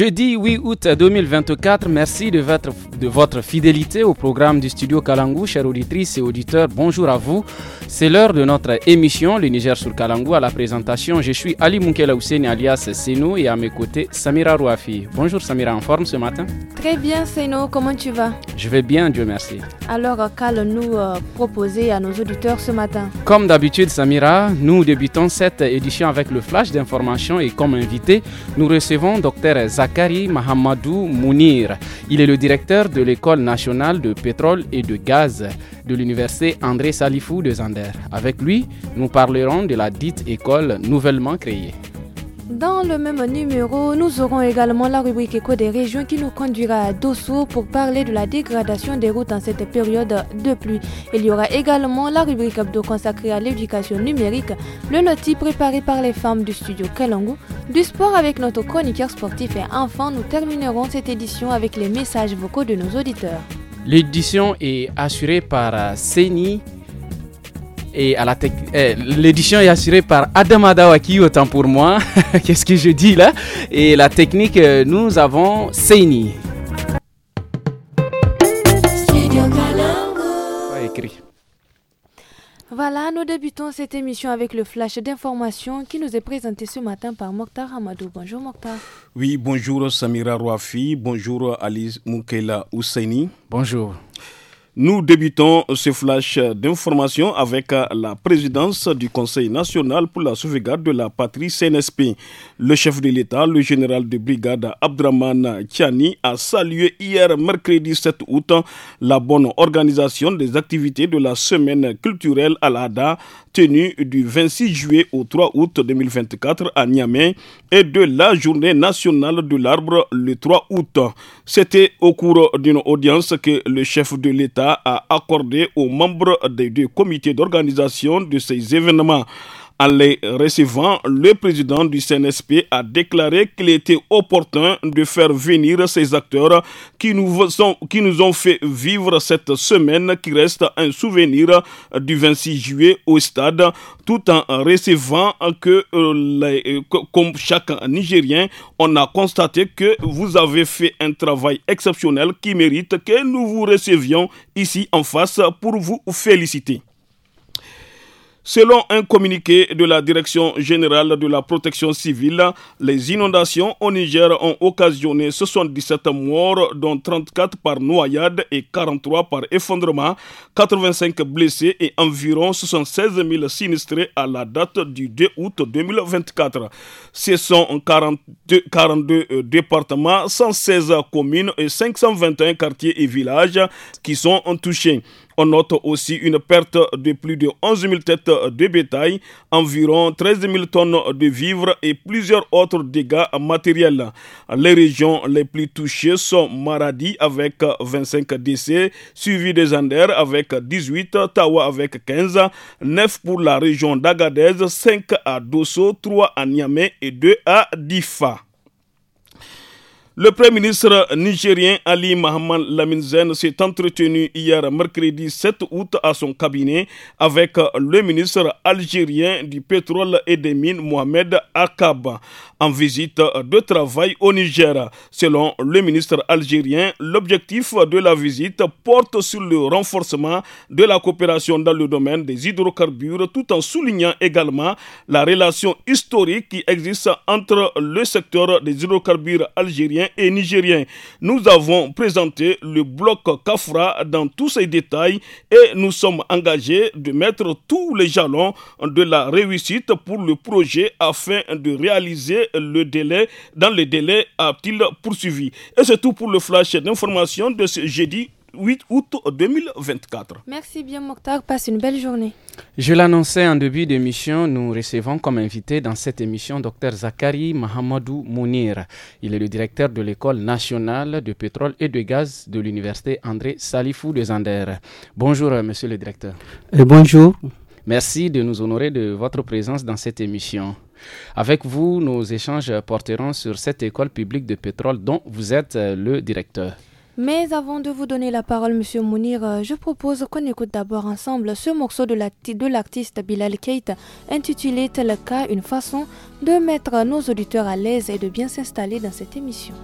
Jeudi 8 août 2024, merci de votre, de votre, fidélité au programme du studio Kalangou. chers auditrices et auditeurs, bonjour à vous. C'est l'heure de notre émission, le Niger sur Kalangou. À la présentation, je suis Ali Moukela Ouseni, alias Seno et à mes côtés, Samira Rouafi. Bonjour Samira, en forme ce matin Très bien Seno, comment tu vas Je vais bien, Dieu merci. Alors, qu'allons-nous euh, proposer à nos auditeurs ce matin Comme d'habitude Samira, nous débutons cette édition avec le flash d'information et comme invité, nous recevons Dr. Zach Kari Mahamadou Mounir. Il est le directeur de l'École nationale de pétrole et de gaz de l'université André Salifou de Zander. Avec lui, nous parlerons de la dite école nouvellement créée. Dans le même numéro, nous aurons également la rubrique Éco des régions qui nous conduira à Dosso pour parler de la dégradation des routes en cette période de pluie. Il y aura également la rubrique abdo consacrée à l'éducation numérique, le loti préparé par les femmes du studio Kalangu, du sport avec notre chroniqueur sportif et enfin nous terminerons cette édition avec les messages vocaux de nos auditeurs. L'édition est assurée par Seni et à la eh, l'édition est assurée par Adam Adawaki, autant pour moi. Qu'est-ce que je dis là Et la technique, euh, nous avons Seini. Voilà, nous débutons cette émission avec le flash d'information qui nous est présenté ce matin par Mokhtar Hamadou. Bonjour Mokhtar. Oui, bonjour Samira Rouafi, bonjour Alice Moukela Ousseini. Bonjour. Nous débutons ce flash d'information avec euh, la présidence du Conseil national pour la sauvegarde de la patrie CNSP. Le chef de l'État, le général de brigade Abdraman Tiani, a salué hier mercredi 7 août la bonne organisation des activités de la semaine culturelle à l'ADA tenue du 26 juillet au 3 août 2024 à Niamey et de la journée nationale de l'arbre le 3 août. C'était au cours d'une audience que le chef de l'État à a accordé aux membres des deux comités d'organisation de ces événements. En les recevant, le président du CNSP a déclaré qu'il était opportun de faire venir ces acteurs qui nous, sont, qui nous ont fait vivre cette semaine qui reste un souvenir du 26 juillet au stade, tout en recevant que euh, euh, comme chaque Nigérien, on a constaté que vous avez fait un travail exceptionnel qui mérite que nous vous recevions ici en face pour vous féliciter. Selon un communiqué de la Direction générale de la protection civile, les inondations au Niger ont occasionné 77 morts, dont 34 par noyade et 43 par effondrement, 85 blessés et environ 76 000 sinistrés à la date du 2 août 2024. Ce sont 42, 42 euh, départements, 116 communes et 521 quartiers et villages qui sont touchés. On note aussi une perte de plus de 11 000 têtes de bétail, environ 13 000 tonnes de vivres et plusieurs autres dégâts matériels. Les régions les plus touchées sont Maradi avec 25 décès, suivi des Anders avec 18, Tawa avec 15, 9 pour la région d'Agadez, 5 à Dosso, 3 à Niamey et 2 à Difa. Le Premier ministre nigérien Ali Mohamed Laminzen s'est entretenu hier mercredi 7 août à son cabinet avec le ministre algérien du pétrole et des mines Mohamed Akab en visite de travail au Niger. Selon le ministre algérien, l'objectif de la visite porte sur le renforcement de la coopération dans le domaine des hydrocarbures tout en soulignant également la relation historique qui existe entre le secteur des hydrocarbures algériens et nigériens. Nous avons présenté le bloc Kafra dans tous ses détails et nous sommes engagés de mettre tous les jalons de la réussite pour le projet afin de réaliser le délai dans le délai à t il poursuivi. Et c'est tout pour le flash d'information de ce jeudi 8 août 2024. Merci bien Mokhtar, passe une belle journée. Je l'annonçais en début d'émission, nous recevons comme invité dans cette émission Dr Zakari Mahamadou Mounir. Il est le directeur de l'école nationale de pétrole et de gaz de l'université André Salifou de Zander. Bonjour euh, monsieur le directeur. Euh, bonjour. Merci de nous honorer de votre présence dans cette émission. Avec vous, nos échanges porteront sur cette école publique de pétrole dont vous êtes euh, le directeur. Mais avant de vous donner la parole, Monsieur Mounir, euh, je propose qu'on écoute d'abord ensemble ce morceau de l'artiste Bilal Kate, intitulé Tel une façon de mettre nos auditeurs à l'aise et de bien s'installer dans cette émission.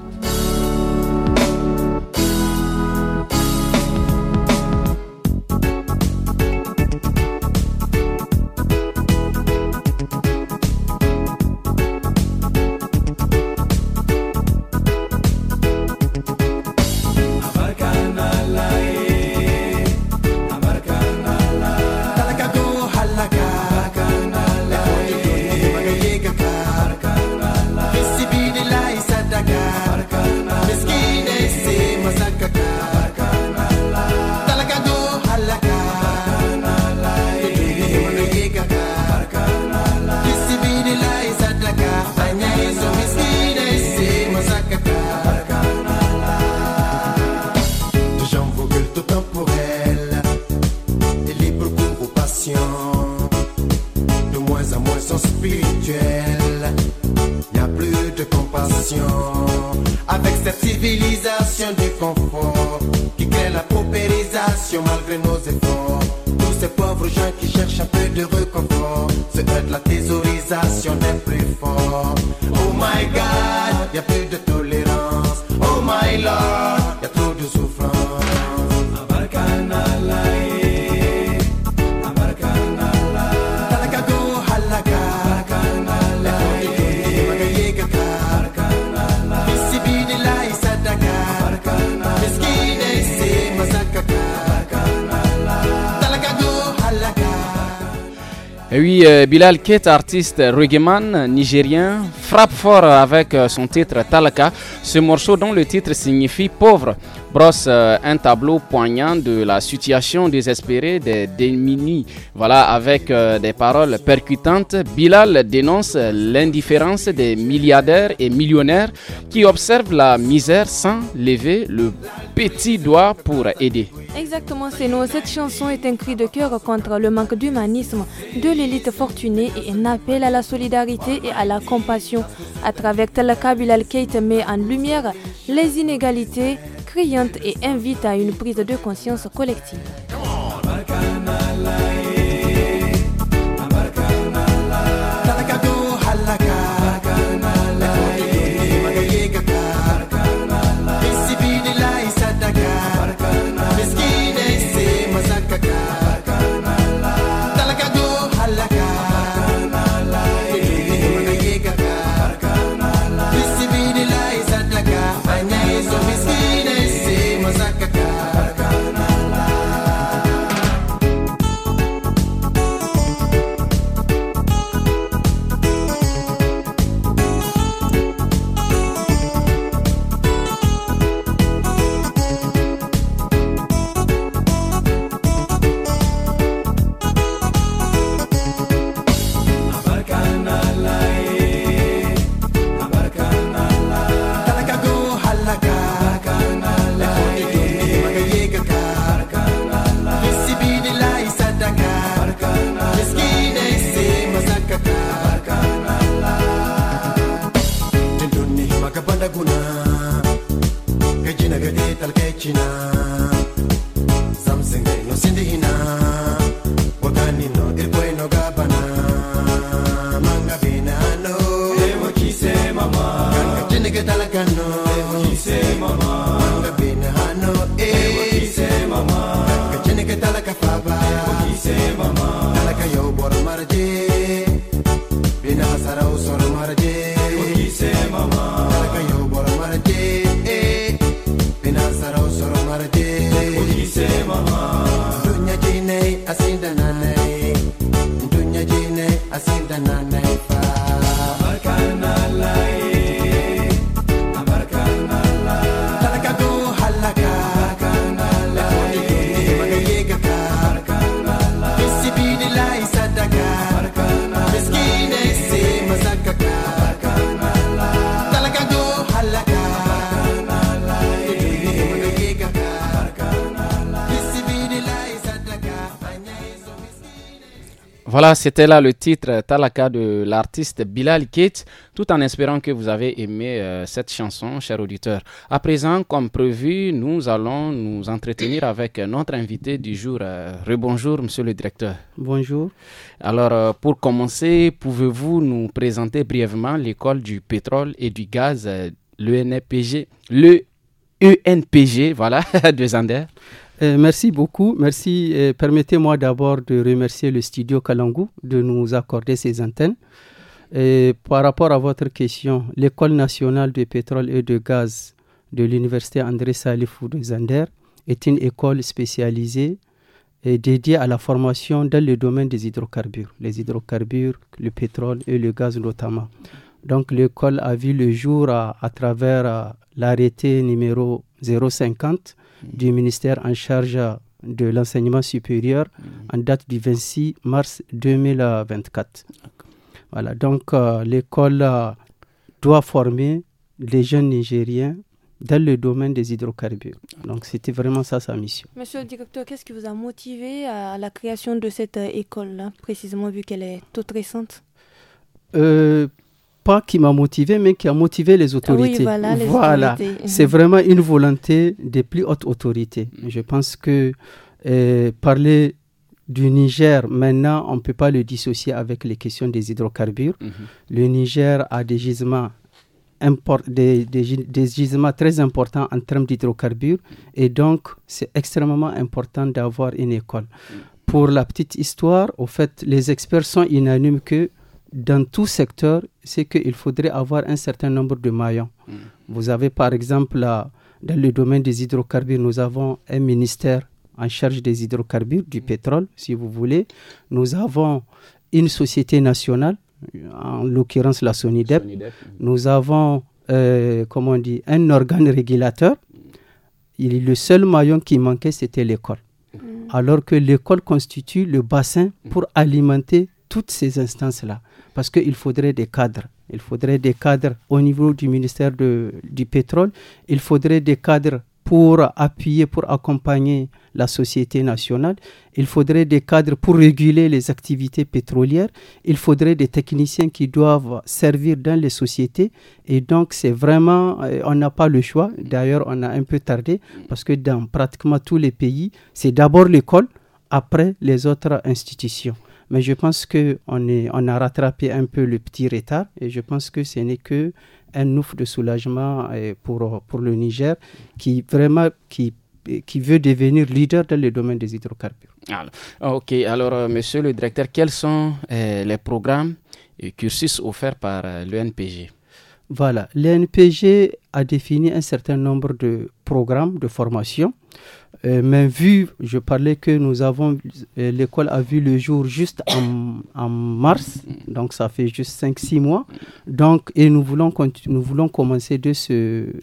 Euh, Bilal Ket, artiste reggaeman nigérien, frappe fort avec euh, son titre Talaka, ce morceau dont le titre signifie pauvre brosse euh, un tableau poignant de la situation désespérée des démunis. Voilà, avec euh, des paroles percutantes, Bilal dénonce l'indifférence des milliardaires et millionnaires qui observent la misère sans lever le petit doigt pour aider. Exactement, c'est nous. Cette chanson est un cri de cœur contre le manque d'humanisme de l'élite fortunée et un appel à la solidarité et à la compassion. À travers Talaka Bilal Kate met en lumière les inégalités et invite à une prise de conscience collective. Mama. Voilà, c'était là le titre euh, Talaka de l'artiste Bilal Kate, tout en espérant que vous avez aimé euh, cette chanson, cher auditeur. À présent, comme prévu, nous allons nous entretenir avec euh, notre invité du jour. rebonjour, monsieur le directeur. Bonjour. Alors, pour commencer, pouvez-vous nous présenter brièvement l'école du pétrole et du gaz, l'ENPG, le e voilà, de Zander euh, merci beaucoup. Merci. Euh, permettez-moi d'abord de remercier le studio Kalangu de nous accorder ces antennes. par rapport à votre question, l'École nationale de pétrole et de gaz de l'Université André Salifou de Zander est une école spécialisée et dédiée à la formation dans le domaine des hydrocarbures, les hydrocarbures, le pétrole et le gaz notamment. Donc l'école a vu le jour à travers euh, l'arrêté numéro 050 du ministère en charge de l'enseignement supérieur mm. en date du 26 mars 2024. Voilà, donc euh, l'école euh, doit former les jeunes Nigériens dans le domaine des hydrocarbures. Donc c'était vraiment ça sa mission. Monsieur le directeur, qu'est-ce qui vous a motivé à la création de cette euh, école, précisément vu qu'elle est toute récente pas qui m'a motivé, mais qui a motivé les ah autorités. voilà, c'est vraiment une volonté des plus hautes autorités. Je pense que eh, parler du Niger, maintenant, on ne peut pas le dissocier avec les questions des hydrocarbures. Mhm. Le Niger a des gisements Import, des, des, gisements très importants en termes d'hydrocarbures et donc c'est extrêmement important d'avoir une école. Mhm. Pour la petite histoire, au fait, les experts sont unanimes que dans tout secteur, c'est qu'il faudrait avoir un certain nombre de maillons. Mm. Vous avez par exemple, dans le domaine des hydrocarbures, nous avons un ministère en charge des hydrocarbures, du mm. pétrole, si vous voulez. Nous avons une société nationale, en l'occurrence la SONIDEP. Mm. Nous avons, euh, comment on dit, un organe régulateur. le seul maillon qui manquait, c'était l'école. Alors que l'école constitue le bassin pour alimenter toutes ces instances-là. Parce qu'il faudrait des cadres. Il faudrait des cadres au niveau du ministère du pétrole. Il faudrait des cadres pour appuyer, pour accompagner la société nationale. Il faudrait des cadres pour réguler les activités pétrolières. Il faudrait des techniciens qui doivent servir dans les sociétés. Et donc, c'est vraiment, euh, on n'a pas le choix. D'ailleurs, on a un peu tardé parce que dans pratiquement tous les pays, c'est d'abord l'école, après les autres institutions. Mais je pense qu'on on a rattrapé un peu le petit retard et je pense que ce n'est que un ouf de soulagement euh, pour, le Niger qui vraiment qui veut devenir leader dans le domaine des hydrocarbures. Alors, ok, alors euh, monsieur le directeur, quels sont euh, les programmes et cursus offerts par l'UNPG Voilà, l'UNPG a défini un certain nombre de programmes de formation euh, mais vu, je parlais que nous avons, euh, l'école a vu le jour juste en, en mars, donc ça fait juste 5-6 mois. Donc, et nous voulons, nous voulons commencer de ce,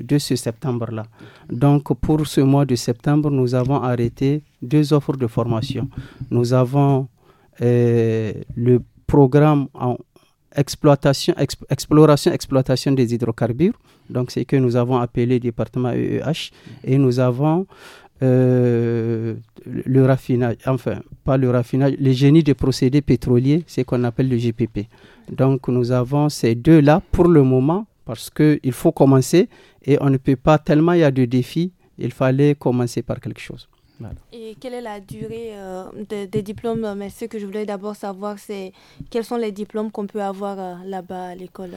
de ce septembre-là. Donc, pour ce mois de septembre, nous avons arrêté deux offres de formation. Nous avons euh, le programme en exploitation, et exploration, exploitation des hydrocarbures. Donc, c'est que nous avons appelé département EEH et nous avons euh, le raffinage, enfin, pas le raffinage, le génie des procédés pétroliers, c'est qu'on appelle le GPP. Donc nous avons ces deux-là pour le moment, parce qu'il faut commencer et on ne peut pas, tellement il y a de défis, il fallait commencer par quelque chose. Et quelle est la durée euh, des diplômes Mais ce que je voulais d'abord savoir, c'est quels sont les diplômes qu'on peut avoir euh, là-bas à l'école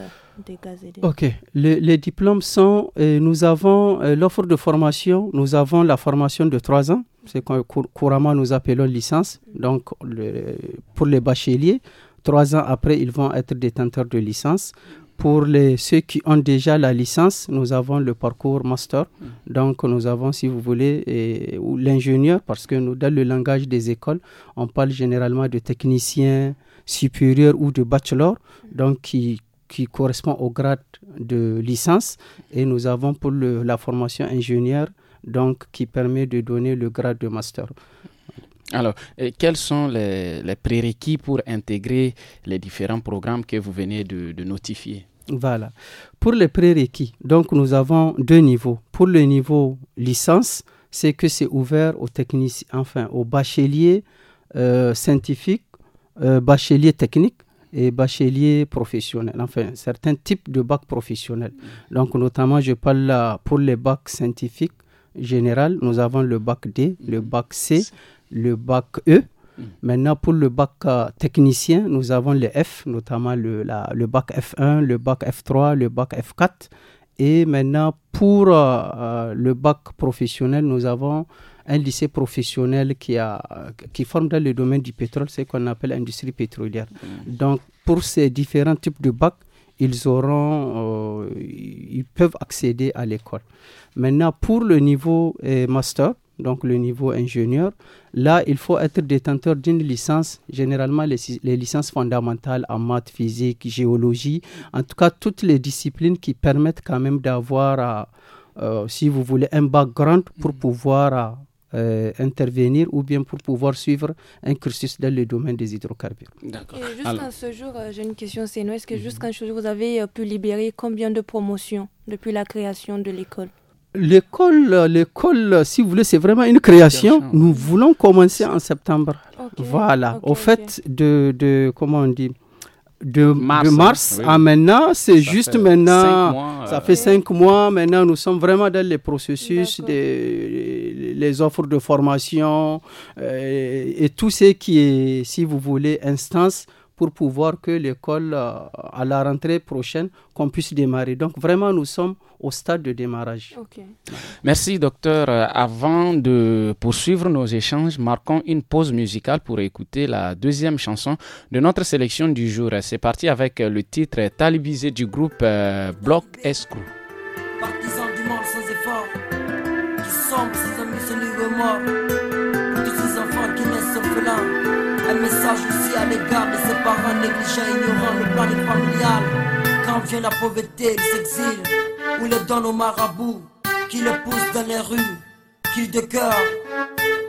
des gaz et Ok, les diplômes sont, euh, nous avons l'offre de formation, nous avons la formation de trois ans, c'est que couramment nous appelons licence, donc le, pour les bacheliers. Trois ans après, ils vont être détenteurs de licence. Pour les, ceux qui ont déjà la licence, nous avons le parcours master. Mm. Donc, nous avons, si vous voulez, eh, l'ingénieur, parce que nous, dans le langage des écoles, on parle généralement de technicien supérieur ou de bachelor, donc qui, correspond au grade de licence. Et nous avons pour la formation ingénieur, donc qui permet de donner le grade de master. Alors, euh, quels sont les, prérequis pour intégrer les différents programmes que vous venez de, notifier Voilà. Pour les prérequis, donc nous avons deux niveaux. Pour le niveau licence, c'est que c'est ouvert aux techniciens, enfin aux bacheliers euh, scientifiques, euh, bacheliers techniques et bacheliers professionnels, enfin certains types de bacs professionnels. Donc notamment, je parle là pour les bacs scientifiques général, nous avons le bac D, le bac C, le bac E. Maintenant, pour le bac euh, technicien, nous avons le F, notamment le, bac F1, le bac F3, le bac F4. Et maintenant, pour euh, euh, le bac professionnel, nous avons un lycée professionnel qui, a, qui forme dans le domaine du pétrole, ce qu'on appelle industrie pétrolière. Mm. Donc, pour ces différents types de bacs, ils auront, ils peuvent accéder à l'école. Maintenant, pour le niveau master, donc le niveau ingénieur. Là, il faut être détenteur d'une licence, généralement les, licences fondamentales en maths, physique, géologie, en tout cas toutes les disciplines qui permettent quand même d'avoir, euh, euh, si vous voulez, un background pour mm-hmm. pouvoir euh, intervenir ou bien pour pouvoir suivre un cursus dans le domaine des hydrocarbures. D'accord. Jusqu'à ce jour, j'ai une question, c'est est-ce que mm-hmm. jusqu'à ce jour, vous avez pu libérer combien de promotions depuis la création de l'école L'école, l'école, si vous voulez, c'est vraiment une création. Nous voulons commencer en septembre. Voilà. Au fait de, comment on dit, de mars, à maintenant, c'est juste maintenant, ça fait cinq euh, mois, maintenant nous sommes vraiment dans les processus, des, les offres de formation euh, et tout ce qui est, si vous voulez, instance pour pouvoir que l'école, euh, à la rentrée prochaine, qu'on puisse démarrer. Donc vraiment, nous sommes au stade de démarrage. Merci, docteur. Euh, avant de poursuivre nos échanges, marquons une pause musicale pour écouter la deuxième chanson de notre sélection du jour. C'est parti avec euh, le titre talibisé du groupe Block Bloc enfants qui un message aussi à l'égard de ses parents négligents, ignorant le plan familial. Quand vient la pauvreté, ils s'exilent, ou les donnent aux marabouts, qui les poussent dans les rues, qu'ils décœurent.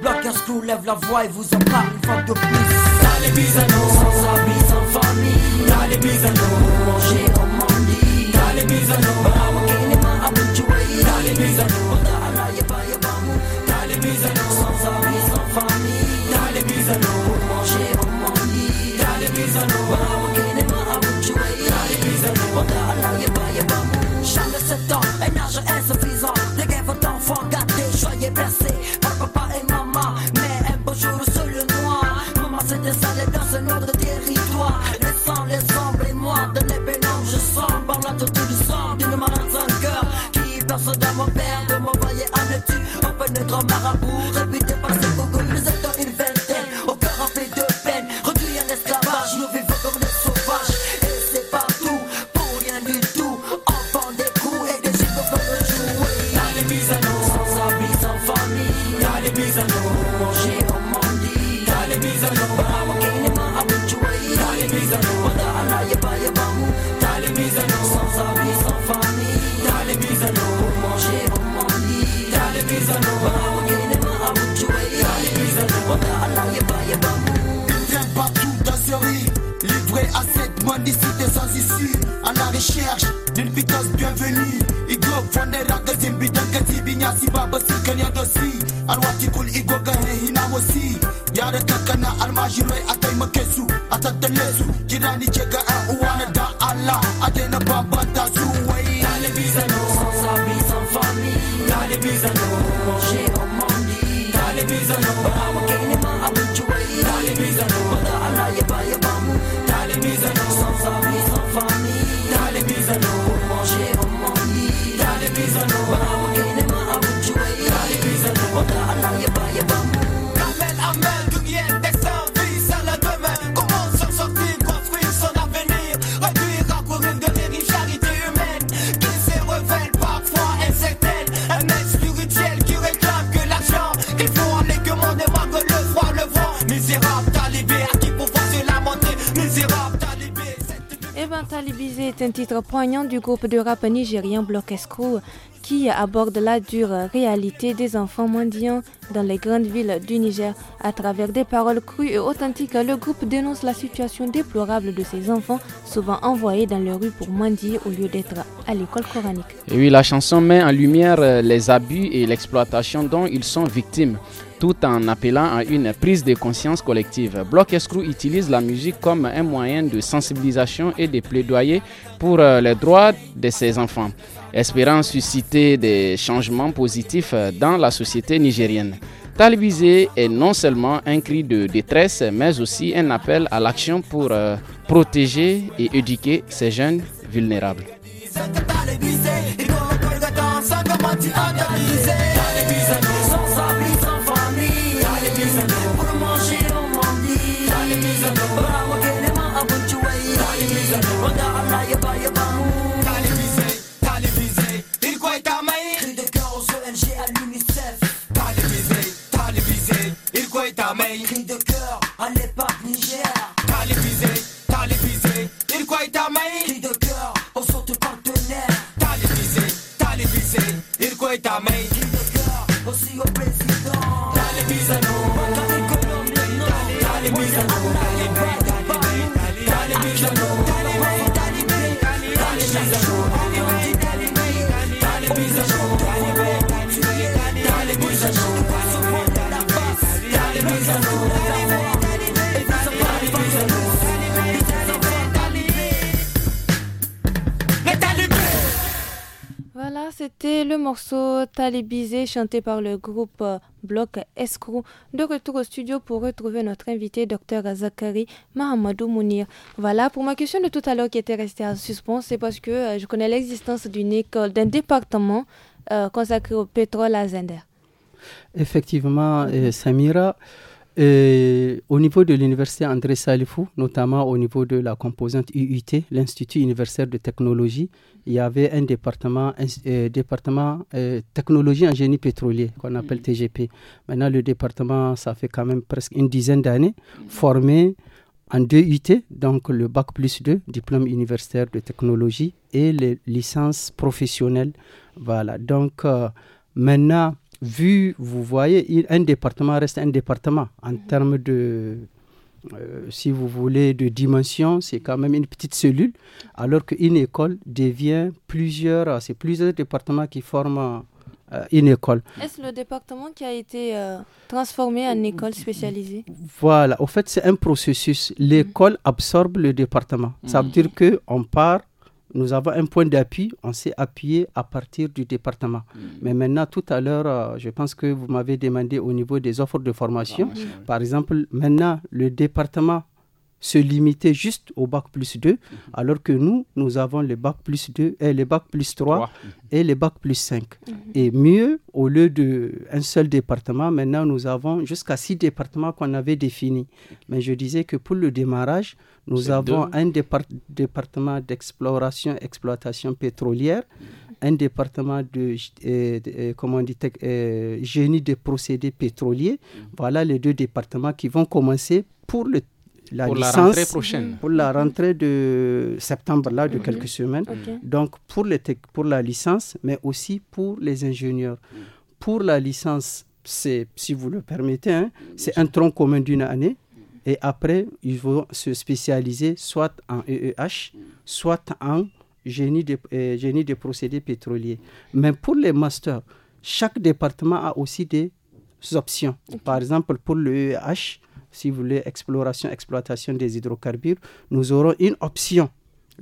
Block un screw, lève la voix et vous en parle une fois de plus. T'as les bisanos, sans amis, sans famille. T'as les bisanos, manger au mandi. T'as les bisanos, avoir qu'il est pas habitué. T'as les bisanos, là, là, y'a pas, y'a pas mou. T'as les bisanos, sans amis, sans famille. T'as les bisanos. J'ai blessé kiasi baba sirkani adosi alwatikul igogahe hinawosi yarataka na almajirai a taimake su a tattale su jirani ce ga yan uwa na da Allah a daina babanta su wai talibi sabi san fami talibi zano C'est un titre poignant du groupe de rap nigérien Block Escrew qui aborde la dure réalité des enfants mendiants dans les grandes villes du Niger. À travers des paroles crues et authentiques, le groupe dénonce la situation déplorable de ces enfants, souvent envoyés dans les rues pour mendier au lieu d'être à l'école coranique. oui, la chanson met en lumière euh, les abus et l'exploitation dont ils sont victimes tout en appelant à une prise de conscience collective. Block Escrew utilise la musique comme un moyen de sensibilisation et de plaidoyer pour euh, les droits de ses enfants, espérant susciter des changements positifs euh, dans la société nigérienne. Talibisé est non seulement un cri de détresse, mais aussi un appel à l'action pour euh, protéger et éduquer ces jeunes vulnérables. Bisées chanté par le groupe euh, Bloc Escro. De retour au studio pour retrouver notre invité, docteur Zachary Mahamadou Mounir. Voilà, pour ma question de tout à l'heure qui était restée en suspens, c'est parce que euh, je connais l'existence d'une école, d'un département euh, consacré au pétrole à Zender. Effectivement, Samira, euh, au niveau de l'université André Salifou, notamment au niveau de la composante IUT, l'Institut universitaire de technologie, il y avait un département, euh, département euh, technologie en génie pétrolier qu'on mm-hmm. appelle TGP. Maintenant, le département, ça fait quand même presque une dizaine d'années, mm-hmm. formé en deux UT, donc le bac plus 2, diplôme universitaire de technologie et les licences professionnelles. Voilà, donc maintenant vu, vous voyez, un département reste un département. En mhm. termes de, euh, si vous voulez, de dimension, c'est quand même une petite cellule, alors qu'une école devient plusieurs, euh, c'est plusieurs départements qui forment euh, une école. Est-ce le département qui a été transformé en école spécialisée Voilà, au fait, c'est un processus. L'école mhm. absorbe le département. Ça veut mhm. dire qu'on part nous avons un point d'appui, on s'est appuyé à partir du département. Mm. Mais maintenant, tout à l'heure, euh, je pense que vous m'avez demandé au niveau des offres de formation. Par exemple, maintenant, le département se limiter juste au bac plus 2, mhm. alors que nous, nous avons le bac plus 2, et le bac plus 3, mhm. et le bac plus 5. Mhm. Et mieux, au lieu d'un seul département, maintenant nous avons jusqu'à six départements qu'on avait définis. Mais je disais que pour le démarrage, nous avons un départ, département d'exploration, exploitation pétrolière, un département de, eh, eh, eh, génie des procédés pétroliers. Voilà les deux départements qui vont commencer pour le pour la rentrée prochaine. pour la rentrée de septembre, là, de quelques semaines. Donc, pour, les pour la licence, mais aussi pour les ingénieurs. Mm. Pour la licence, c'est, si vous le permettez, hein, c'est un tronc commun d'une année. Et après, ils vont se spécialiser soit en EEH, mm. soit en génie des, euh, génie des procédés pétroliers. Mais pour les masters, chaque département a aussi des options. Par exemple, pour le EEH, si vous voulez, exploration, exploitation des hydrocarbures, nous aurons une option,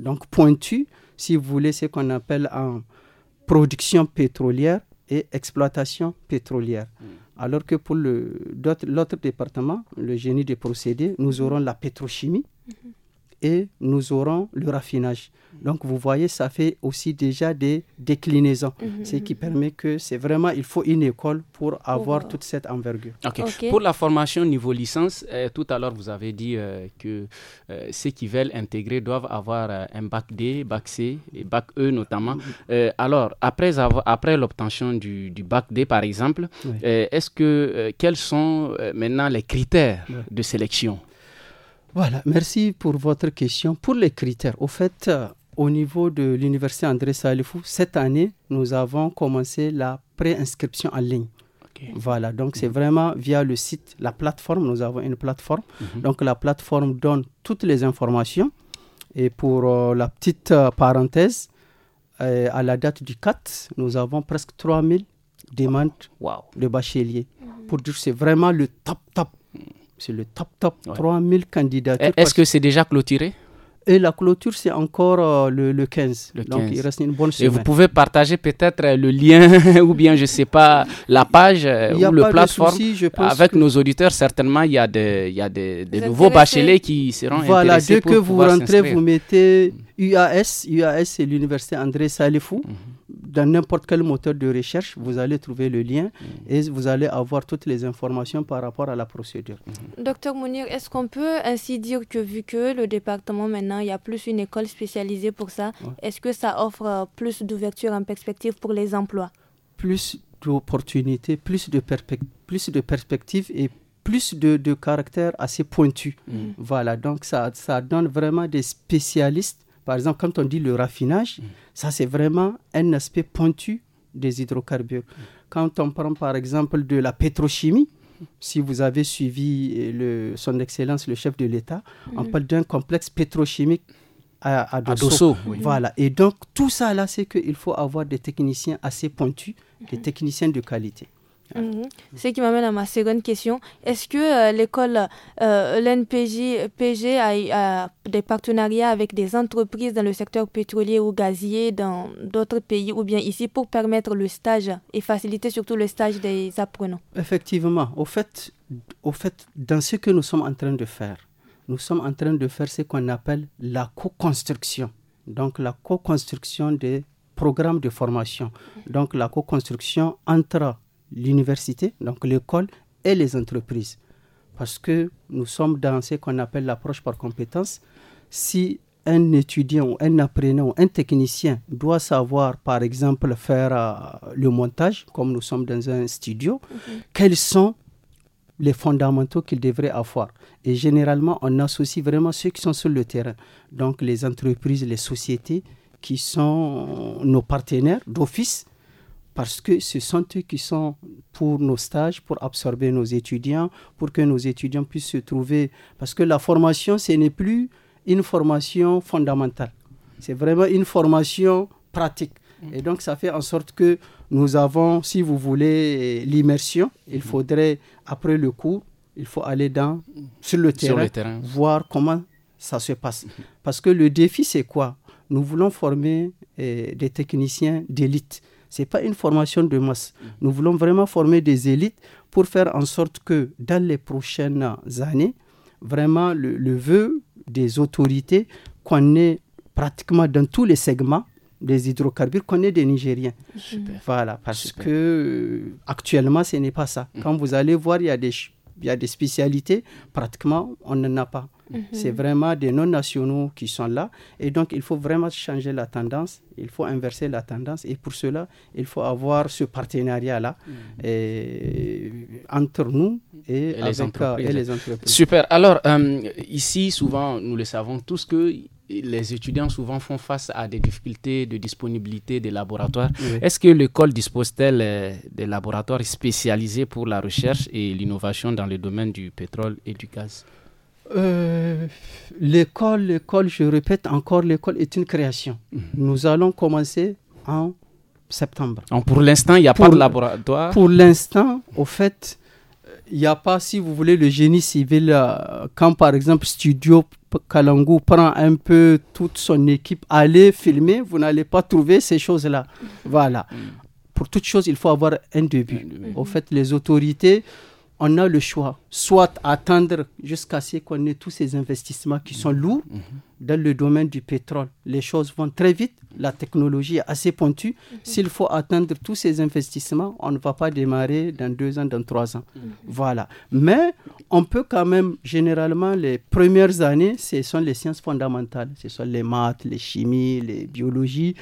donc pointue, si vous voulez, ce qu'on appelle en production pétrolière et exploitation pétrolière. Hmm. Alors que pour l'autre département, le génie des procédés, nous aurons la pétrochimie, mhm et nous aurons le raffinage. Donc vous voyez, ça fait aussi déjà des déclinaisons, mhm, mhm. ce qui permet que c'est vraiment, il faut une école pour avoir toute cette envergure. Pour la formation niveau licence, euh, tout à l'heure vous avez dit euh, que euh, ceux qui veulent intégrer doivent avoir un bac D, bac C et bac E notamment. alors, après, après l'obtention du, bac D par exemple, est-ce que, quels sont maintenant les critères de sélection voilà, merci pour votre question. Pour les critères, au fait, euh, au niveau de l'université André Salifou, cette année, nous avons commencé la préinscription en ligne. Voilà, donc c'est mhm. vraiment via le site, la plateforme, nous avons une plateforme. Mhm. Donc la plateforme donne toutes les informations. Et pour euh, la petite euh, parenthèse, à la date du 4, nous avons presque 3000 demandes de bacheliers. Mhm. Pour dire c'est vraiment le top top c'est le top top, 3000 candidatures. Eh, est-ce que c'est déjà clôturé et la clôture, c'est encore euh, le, 15. Donc, il reste une bonne semaine. Et vous pouvez partager peut-être euh, le lien ou bien, je ne sais pas, la page euh, ou le plateforme. Avec nos auditeurs, certainement, il y a des, il des, nouveaux bachelors qui seront voilà, intéressés. Voilà, dès que vous rentrez, vous mettez UAS. UAS, c'est l'Université André Salifou. Mhm dans n'importe quel moteur de recherche, vous allez trouver le lien mm. et vous allez avoir toutes les informations par rapport à la procédure. Mm-hmm. Docteur Mounir, est-ce qu'on peut ainsi dire que vu que le département maintenant, il y a plus une école spécialisée pour ça, est-ce que ça offre euh, plus d'ouverture en perspective pour les emplois Plus d'opportunités, plus, de plus de perspectives et plus de, de caractères assez pointus. Mm. Voilà, donc ça, ça donne vraiment des spécialistes par exemple, quand on dit le raffinage, mm. ça c'est vraiment un aspect pointu des hydrocarbures. Mm. Quand on prend par exemple de la pétrochimie, si vous avez suivi euh, son Excellence le chef de l'État, on mm. parle d'un complexe pétrochimique à, Dosso. Voilà. Et donc, tout ça, là, c'est qu'il faut avoir des techniciens assez pointus, des techniciens de qualité. Mhm. Ce qui m'amène à ma seconde question. Est-ce que euh, l'école, euh, a, des partenariats avec des entreprises dans le secteur pétrolier ou gazier dans d'autres pays ou bien ici pour permettre le stage et faciliter surtout le stage des apprenants Effectivement. Au fait, au fait dans ce que nous sommes en train de faire, nous sommes en train de faire ce qu'on appelle la co-construction. Donc la co-construction des programmes de formation. Mhm. Donc la co-construction entre l'université, donc l'école et les entreprises. Parce que nous sommes dans ce qu'on appelle l'approche par compétence. Si un étudiant ou un apprenant ou un technicien doit savoir, par exemple, faire euh, le montage, comme nous sommes dans un studio, quels sont les fondamentaux qu'il devrait avoir. Et généralement, on associe vraiment ceux qui sont sur le terrain, donc les entreprises, les sociétés qui sont nos partenaires d'office parce que ce sont eux qui sont pour nos stages, pour absorber nos étudiants, pour que nos étudiants puissent se trouver. Parce que la formation, ce n'est plus une formation fondamentale, c'est vraiment une formation pratique. Mm. Et donc, ça fait en sorte que nous avons, si vous voulez, l'immersion. Il mm-hmm. faudrait, après le cours, il faut aller dans, sur, le terrain, voir comment ça se passe. Mm-hmm. Parce que le défi, c'est quoi Nous voulons former eh, des techniciens d'élite. Ce n'est pas une formation de masse. Nous voulons vraiment former des élites pour faire en sorte que dans les prochaines années, vraiment le, vœu des autorités qu'on ait pratiquement dans tous les segments des hydrocarbures qu'on ait des Nigériens. Voilà, parce que euh, actuellement ce n'est pas ça. Quand mm. vous allez voir, il y a des il y a des spécialités, pratiquement, on n'en a pas. Mhm. C'est vraiment des non-nationaux qui sont là. Et donc, il faut vraiment changer la tendance, il faut inverser la tendance. Et pour cela, il faut avoir ce partenariat-là mhm. entre nous et, avec, euh, les entreprises. Super. Alors, euh, ici, souvent, nous le savons tous que les étudiants souvent font face à des difficultés de disponibilité des laboratoires. Est-ce que l'école dispose-t-elle euh, des laboratoires spécialisés pour la recherche et l'innovation dans le domaine du pétrole et du gaz euh, L'école, l'école, je répète encore, l'école est une création. Mhm. Nous allons commencer en septembre. pour l'instant, il n'y a pas de laboratoire Pour l'instant, au fait, il n'y a pas, si vous voulez, le génie civil, euh, quand par exemple Studio Kalangu prend un peu toute son équipe, allez filmer, vous n'allez pas trouver ces choses-là. Voilà. Mm. Pour toute chose, il faut avoir un début. Au fait, les autorités, on a le choix, soit attendre jusqu'à ce qu'on ait tous ces investissements qui mm. sont lourds mm-hmm dans le domaine du pétrole, les choses vont très vite, la technologie est assez pointue. Mhm. S'il faut atteindre tous ces investissements, on ne va pas démarrer dans deux ans, dans trois ans. Mhm. Voilà. Mais on peut quand même, généralement, les premières années, ce sont les sciences fondamentales, ce sont les maths, les chimies, les biologies.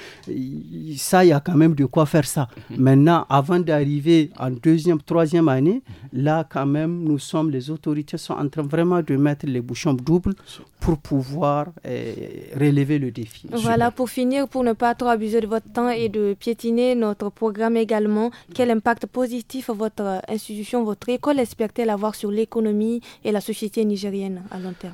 Ça, il y a quand même de quoi faire ça. Mhm. Maintenant, avant d'arriver en deuxième, troisième année, là, quand même, nous sommes, les autorités sont en train vraiment de mettre les bouchons doubles pour pouvoir euh, relever le défi. Voilà, pour finir, pour ne pas trop abuser de votre temps et de piétiner notre programme également, quel impact positif votre institution, votre école espère-t-elle avoir sur l'économie et la société nigérienne à long terme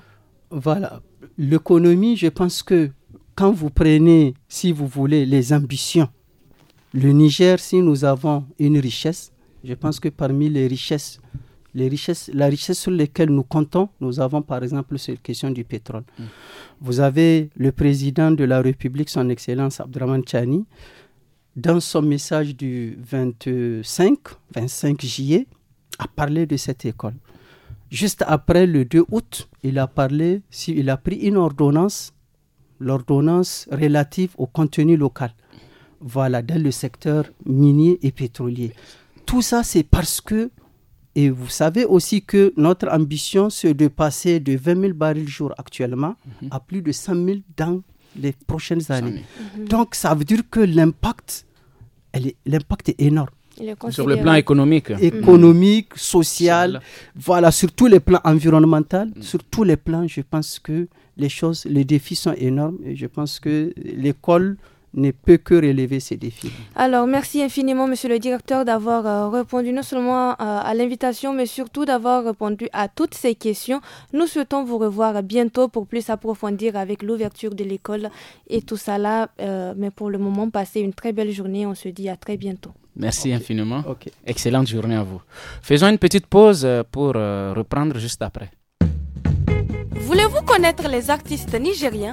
Voilà, l'économie, je pense que quand vous prenez, si vous voulez, les ambitions, le Niger, si nous avons une richesse, je pense que parmi les richesses les richesses, la richesse sur laquelle nous comptons, nous avons par exemple cette question du pétrole. Mm. Vous avez le président de la République, son Excellence Abdraman Chani, dans son message du 25, 25 juillet, a parlé de cette école. Juste après le 2 août, il a parlé, il a pris une ordonnance, l'ordonnance relative au contenu local. Voilà, dans le secteur minier et pétrolier. Tout ça, c'est parce que et vous savez aussi que notre ambition, c'est de passer de 20 000 barils jour actuellement mhm. à plus de 100 000 dans les prochaines années. Mhm. Donc, ça veut dire que l'impact, l'impact est énorme. Sur le plan économique. Économique, mhm. social, voilà, sur tous les plans environnementaux, sur tous les plans, je pense que les choses, les défis sont énormes. Et je pense que l'école ne peut que relever ces défis. Alors, merci infiniment, Monsieur le Directeur, d'avoir euh, répondu non seulement euh, à l'invitation, mais surtout d'avoir répondu à toutes ces questions. Nous souhaitons vous revoir bientôt pour plus approfondir avec l'ouverture de l'école et tout ça euh, mais pour le moment, passez une très belle journée. On se dit à très bientôt. Merci infiniment. Excellente journée à vous. Faisons une petite pause pour reprendre juste après. Voulez-vous connaître les artistes nigériens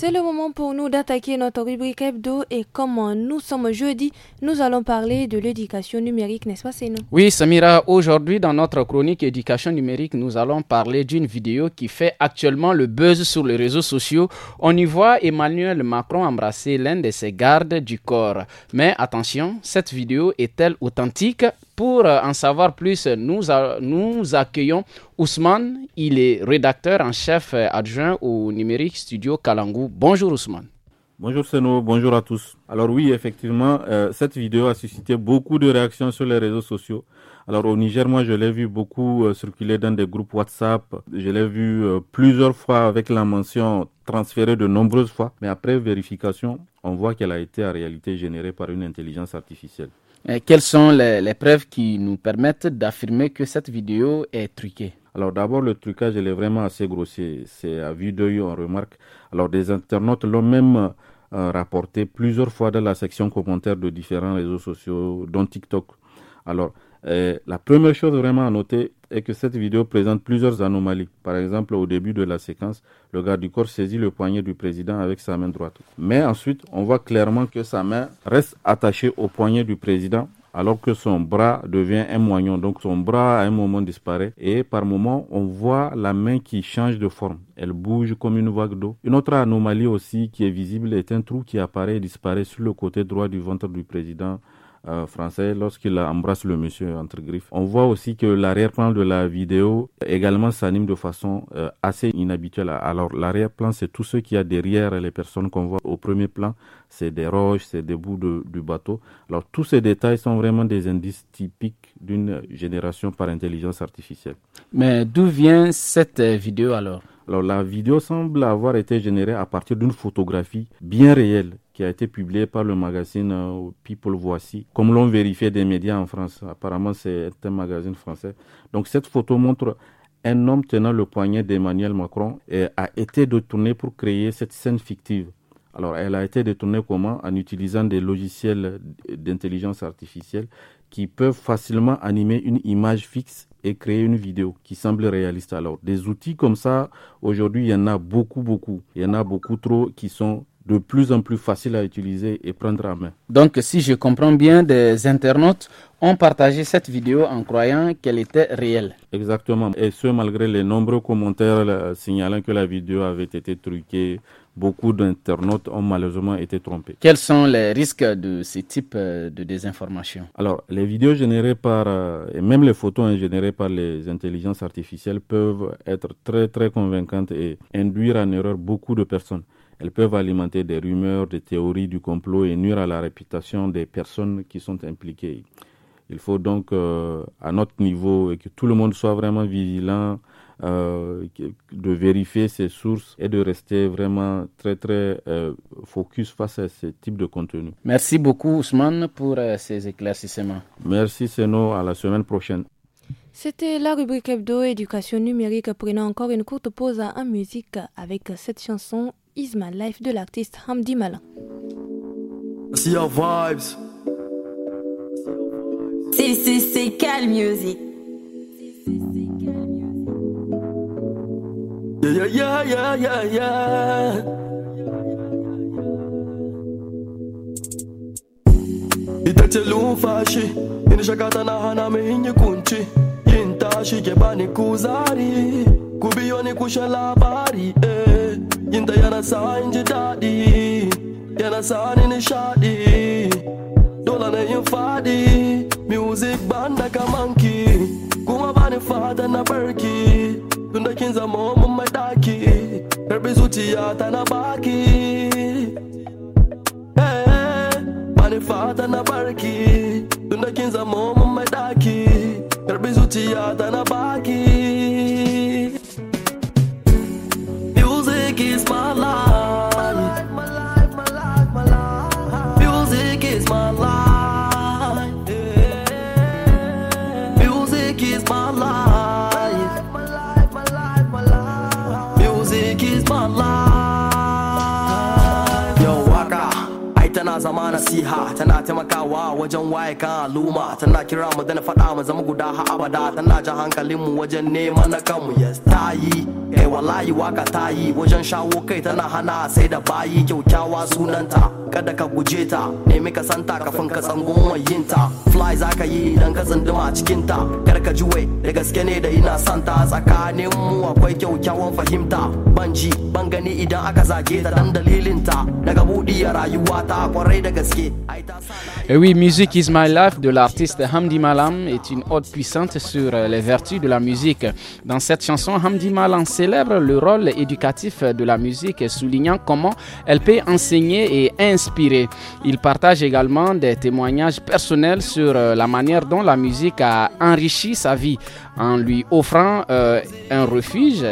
C'est le moment pour nous d'attaquer notre rubrique hebdo et comme nous sommes jeudi, nous allons parler de l'éducation numérique, n'est-ce pas nous? Oui Samira, aujourd'hui dans notre chronique éducation numérique, nous allons parler d'une vidéo qui fait actuellement le buzz sur les réseaux sociaux. On y voit Emmanuel Macron embrasser l'un de ses gardes du corps. Mais attention, cette vidéo est-elle authentique pour euh, en savoir plus, euh, nous, accueillons Ousmane. Il est rédacteur en chef euh, adjoint au numérique studio Kalangou. Bonjour Ousmane. Bonjour Seno, bonjour à tous. Alors oui, effectivement, cette vidéo a suscité beaucoup de réactions sur les réseaux sociaux. Alors au Niger, moi, je l'ai vu beaucoup circuler dans des groupes WhatsApp. Je l'ai vu plusieurs fois avec la mention transférée de nombreuses fois. Mais après vérification, on voit qu'elle a été en réalité générée par une intelligence artificielle. Euh, quelles sont les, preuves qui nous permettent d'affirmer que cette vidéo est truquée alors d'abord, le trucage, est vraiment assez grossier. C'est à vue d'œil, on remarque. Alors des internautes l'ont même euh, rapporté plusieurs fois dans la section commentaires de différents réseaux sociaux, dont TikTok. Alors euh, la première chose vraiment à noter, et que cette vidéo présente plusieurs anomalies. Par exemple, au début de la séquence, le garde du corps saisit le poignet du président avec sa main droite. Mais ensuite, on voit clairement que sa main reste attachée au poignet du président alors que son bras devient un moignon. Donc son bras à un moment disparaît et par moment on voit la main qui change de forme. Elle bouge comme une vague d'eau. Une autre anomalie aussi qui est visible est un trou qui apparaît et disparaît sur le côté droit du ventre du président euh, français lorsqu'il embrasse le monsieur entre griffes. On voit aussi que l'arrière-plan de la vidéo également s'anime de façon euh, assez inhabituelle. Alors l'arrière-plan, c'est tout ce qu'il y a derrière les personnes qu'on voit au premier plan. C'est des roches, c'est des bouts de, du bateau. Alors tous ces détails sont vraiment des indices typiques d'une génération par intelligence artificielle. Mais d'où vient cette euh, vidéo alors alors la vidéo semble avoir été générée à partir d'une photographie bien réelle qui a été publié par le magazine euh, People Voici, comme l'ont vérifié des médias en France. Apparemment, c'est un magazine français. Donc cette photo montre un homme tenant le poignet d'Emmanuel Macron et a été détourné pour créer cette scène fictive. Alors, elle a été détournée comment En utilisant des logiciels d'intelligence artificielle qui peuvent facilement animer une image fixe et créer une vidéo qui semble réaliste. Alors, des outils comme ça, aujourd'hui, il y en a beaucoup, beaucoup. Il y en a beaucoup trop qui sont de plus en plus facile à utiliser et prendre à main. Donc si je comprends bien, des internautes ont partagé cette vidéo en croyant qu'elle était réelle. Exactement, et ce malgré les nombreux commentaires euh, signalant que la vidéo avait été truquée. Beaucoup d'internautes ont malheureusement été trompés. Quels sont les risques de ce type euh, de désinformation Alors, les vidéos générées par, euh, et même les photos hein, générées par les intelligences artificielles peuvent être très très convaincantes et induire en erreur beaucoup de personnes. Elles peuvent alimenter des rumeurs, des théories du complot et nuire à la réputation des personnes qui sont impliquées. Il faut donc, euh, à notre niveau, que tout le monde soit vraiment vigilant, euh, de vérifier ses sources et de rester vraiment très, très euh, focus face à ce type de contenu. Merci beaucoup, Ousmane, pour ces éclaircissements. Merci, Seno. À la semaine prochaine. C'était la rubrique hebdo éducation numérique prenant encore une courte pause en musique avec cette chanson Is Life de l'artiste Hamdi Malin. your vibes. calme Music. Yeah, yeah, yeah, yeah, yeah. hana Yinta yana sawa in daɗi, yana sawa ni nishaɗi. Dole ne yin faɗi, music banda kamanki, kuma bani fata na barki. Tunda kin zama mun mai ɗaki, karbi zuciya ta na baki. Hey, bani fata na barki, tunda kin zama mun mai ɗaki, karbi zuciya ta na baki. wajen waye kan al'umma tana kira mu dana faɗa mu zama guda ha abada tana jan hankalin mu wajen nema na kanmu ya ta yi eh wallahi waka ta yi wajen shawo kai tana hana sai da bayi kyaukyawa sunanta kada ka guje ta nemi ka santa kafin ka tsangon wayinta Et eh oui, Music is my life de l'artiste Hamdi Malam est une ode puissante sur les vertus de la musique. Dans cette chanson, Hamdi Malam célèbre le rôle éducatif de la musique, soulignant comment elle peut enseigner et inspirer. Il partage également des témoignages personnels sur euh, la manière dont la musique a enrichi sa vie en lui offrant euh, un refuge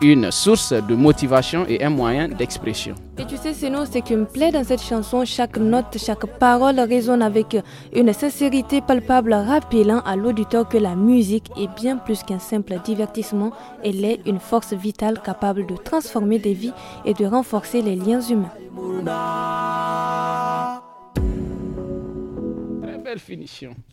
une source de motivation et un moyen d'expression. Et tu sais, sinon, ce qui me plaît dans cette chanson, chaque note, chaque parole résonne avec une sincérité palpable, rappelant à l'auditeur que la musique est bien plus qu'un simple divertissement, elle est une force vitale capable de transformer des vies et de renforcer les liens humains.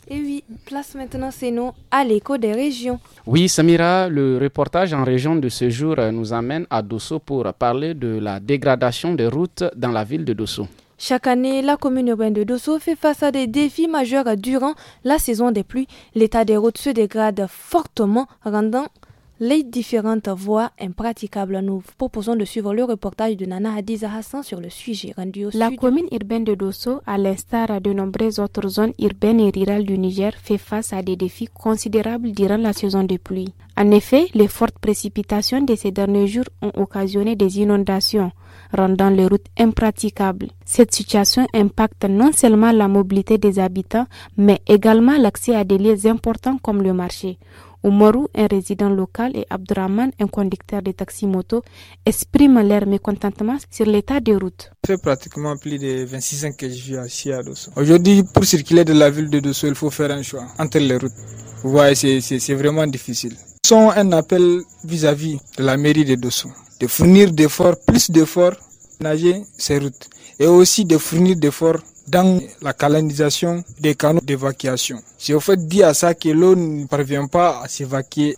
Et oui, place maintenant, c'est nous à l'écho des régions. Oui, Samira, le reportage en région de ce jour euh, nous amène à Dosso pour parler de la dégradation des routes dans la ville de Dosso. Chaque année, la commune urbaine de Dosso fait face à des défis majeurs durant la saison des pluies. L'état des routes se dégrade fortement, rendant les différentes voies impraticables. Nous proposons de suivre le reportage de Nana Hadiza Hassan sur le sujet rendu La commune urbaine de Dosso, à l'instar de nombreuses autres zones urbaines et rurales du Niger, fait face à des défis considérables durant la saison des pluies. En effet, les fortes précipitations de ces derniers jours ont occasionné des inondations, rendant les routes impraticables. Cette situation impacte non seulement la mobilité des habitants, mais également l'accès à des lieux importants comme le marché. Oumarou, un résident local, et Abdurrahman, un conducteur de taxi-moto, expriment leur mécontentement sur l'état des routes. Ça fait pratiquement plus de 26 ans que je vis ici à Dosso. Aujourd'hui, pour circuler de la ville de Dosso, il faut faire un choix entre les routes. Vous voyez, c'est vraiment difficile. Sont un appel vis-à-vis de la mairie de Dosso de fournir d'efforts, plus d'efforts, nager ces routes, et aussi de fournir d'efforts dans la canalisation des canaux d'évacuation. C'est au fait dit à ça que l'eau ne parvient pas à s'évacuer.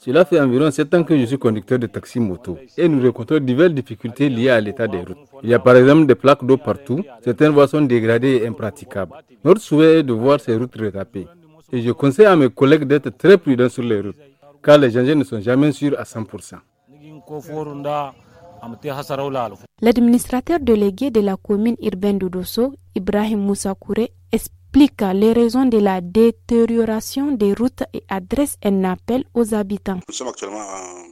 Cela fait environ 7 ans que je suis conducteur de taxi-moto et nous rencontrons diverses difficultés liées à l'état des routes. Il y a par exemple des plaques d'eau partout, certaines voies sont dégradées et impraticables. Notre souhait est de voir ces routes réparées. Et je conseille à mes collègues d'être très prudents sur les routes, car les gens ne sont jamais sûrs à 100%. L'administrateur délégué de la commune urbaine Dosso, Ibrahim Moussakouré, espère explique les raisons de la détérioration des routes et adresse un appel aux habitants. Nous sommes actuellement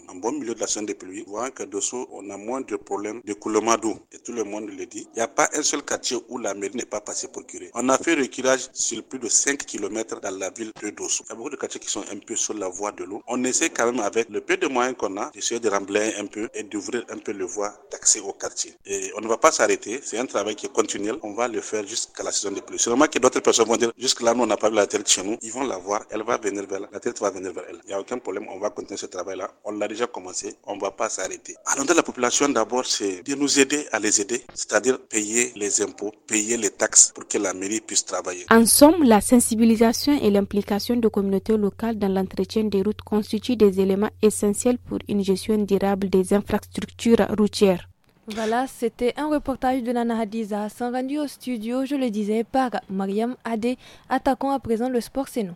en, bon milieu de la saison des pluies. Vous que qu'à dessous, on a moins de problèmes coulement d'eau. Et tout le monde le dit. Il n'y a pas un seul quartier où la mairie n'est pas passée pour curer. On a fait reculage sur plus de 5 km dans la ville de Dosso. Il y a beaucoup de quartiers qui sont un peu sur la voie de l'eau. On essaie quand même avec le peu de moyens qu'on a d'essayer de remblayer un peu et d'ouvrir un peu le voie d'accès au quartier. Et on ne va pas s'arrêter. C'est un travail qui est continuel. On va le faire jusqu'à la saison des pluies. Sûrement que d'autres dire, jusque-là, nous, n'avons pas vu la tête chez nous. Ils vont la voir, elle va venir vers elle, la tête va venir vers elle. Il n'y a aucun problème, on va continuer ce travail-là. On l'a déjà commencé, on ne va pas s'arrêter. Alors, de la population, d'abord, c'est de nous aider à les aider, c'est-à-dire payer les impôts, payer les taxes pour que la mairie puisse travailler. En somme, la sensibilisation et l'implication de communautés locales dans l'entretien des routes constituent des éléments essentiels pour une gestion durable des infrastructures routières. Voilà, c'était un reportage de Nana Hadiza, sans rendu au studio, je le disais, par Mariam Adé. Attaquons à présent le sport, c'est nous.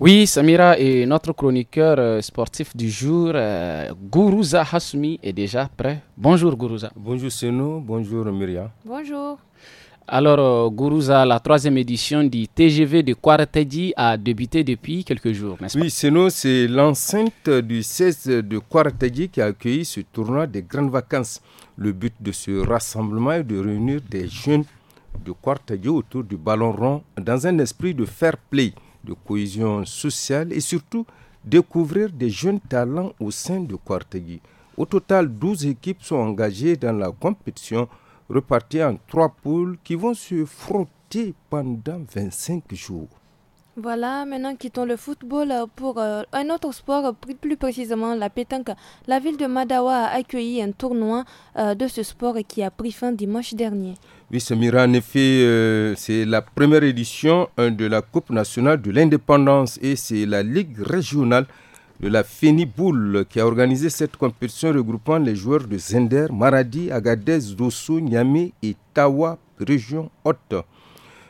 Oui, Samira et notre chroniqueur euh, sportif du jour, euh, Gourouza est déjà prêt. Bonjour Gourouza. Bonjour Seno, bonjour Myriam. Bonjour. Alors, euh, Gourouza, la troisième édition du TGV de Kwartedi a débuté depuis quelques jours, nest oui, pas c'est l'enceinte du 16 de Kwartedi qui a accueilli ce tournoi des grandes vacances le but de ce rassemblement est de réunir des jeunes de Quartier autour du ballon rond dans un esprit de fair play, de cohésion sociale et surtout découvrir des jeunes talents au sein de Quartier. Au total, 12 équipes sont engagées dans la compétition, reparties en trois poules qui vont se frotter pendant 25 jours. Voilà, maintenant quittons le football pour euh, un autre sport, plus précisément la pétanque. La ville de Madawa a accueilli un tournoi euh, de ce sport qui a pris fin dimanche dernier. Oui, Samira, en effet, euh, c'est la première édition hein, de la Coupe nationale de l'indépendance et c'est la Ligue régionale de la Féniboule qui a organisé cette compétition regroupant les joueurs de Zender, Maradi, Agadez, Dosso, Niamey et Tawa, région haute.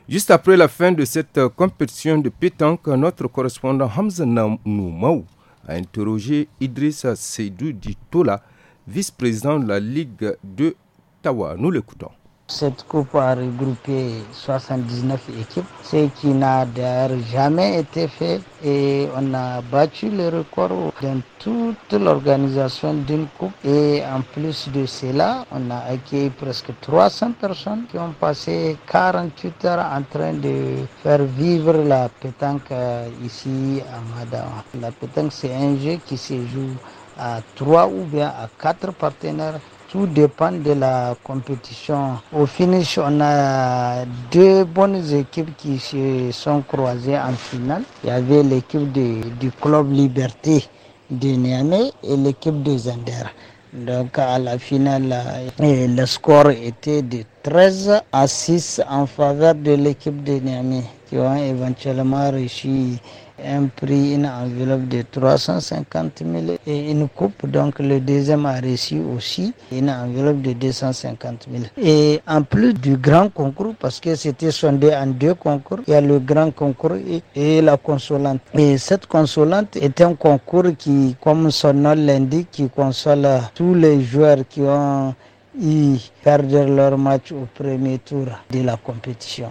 Juste après la fin de cette euh, compétition de pétanque, notre correspondant Hamza Noumaou a interrogé Idrissa Seydou Ditola, vice-président de la Ligue de Tawa. Nous l'écoutons. Cette coupe a regroupé 79 équipes, ce qui n'a d'ailleurs jamais été fait et on a battu le record dans toute l'organisation d'une coupe et en plus de cela, on a accueilli presque 300 personnes qui ont passé 48 heures en train de faire vivre la pétanque euh, ici à Madawa. La pétanque c'est un jeu qui se joue à trois ou bien à quatre partenaires tout dépend de la compétition. Au finish, on a deux bonnes équipes qui se sont croisées en finale. Il y avait l'équipe du club Liberté de Niamey et l'équipe de Zander. Donc à la finale, euh, le score était de 13 à 6 en faveur de l'équipe de Niamey qui ont éventuellement réussi un prix, une enveloppe de 350 000 et une coupe. Donc le deuxième a reçu aussi une enveloppe de 250 000. Et en plus du grand concours, parce que c'était sondé en deux concours, il y a le grand concours et, la consolante. Et cette consolante est un concours qui, comme son nom l'indique, qui console tous les joueurs qui ont eu leur match au premier tour de la compétition.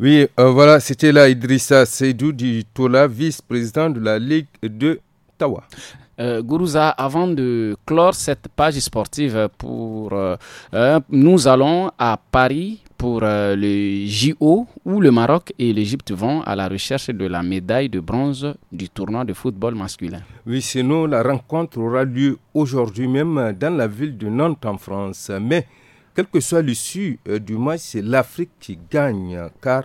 Oui, euh, voilà, c'était là Idrissa Seydou du Tola, vice-président de la Ligue de Tawa. Euh, Gourouza, avant de clore cette page sportive, pour, euh, nous allons à Paris pour le JO où le Maroc et l'Égypte vont à la recherche de la médaille de bronze du tournoi de football masculin. Oui, sinon la rencontre aura lieu aujourd'hui même dans la ville de Nantes en France. Mais quelle que soit l'issue euh, du match, c'est l'Afrique qui gagne car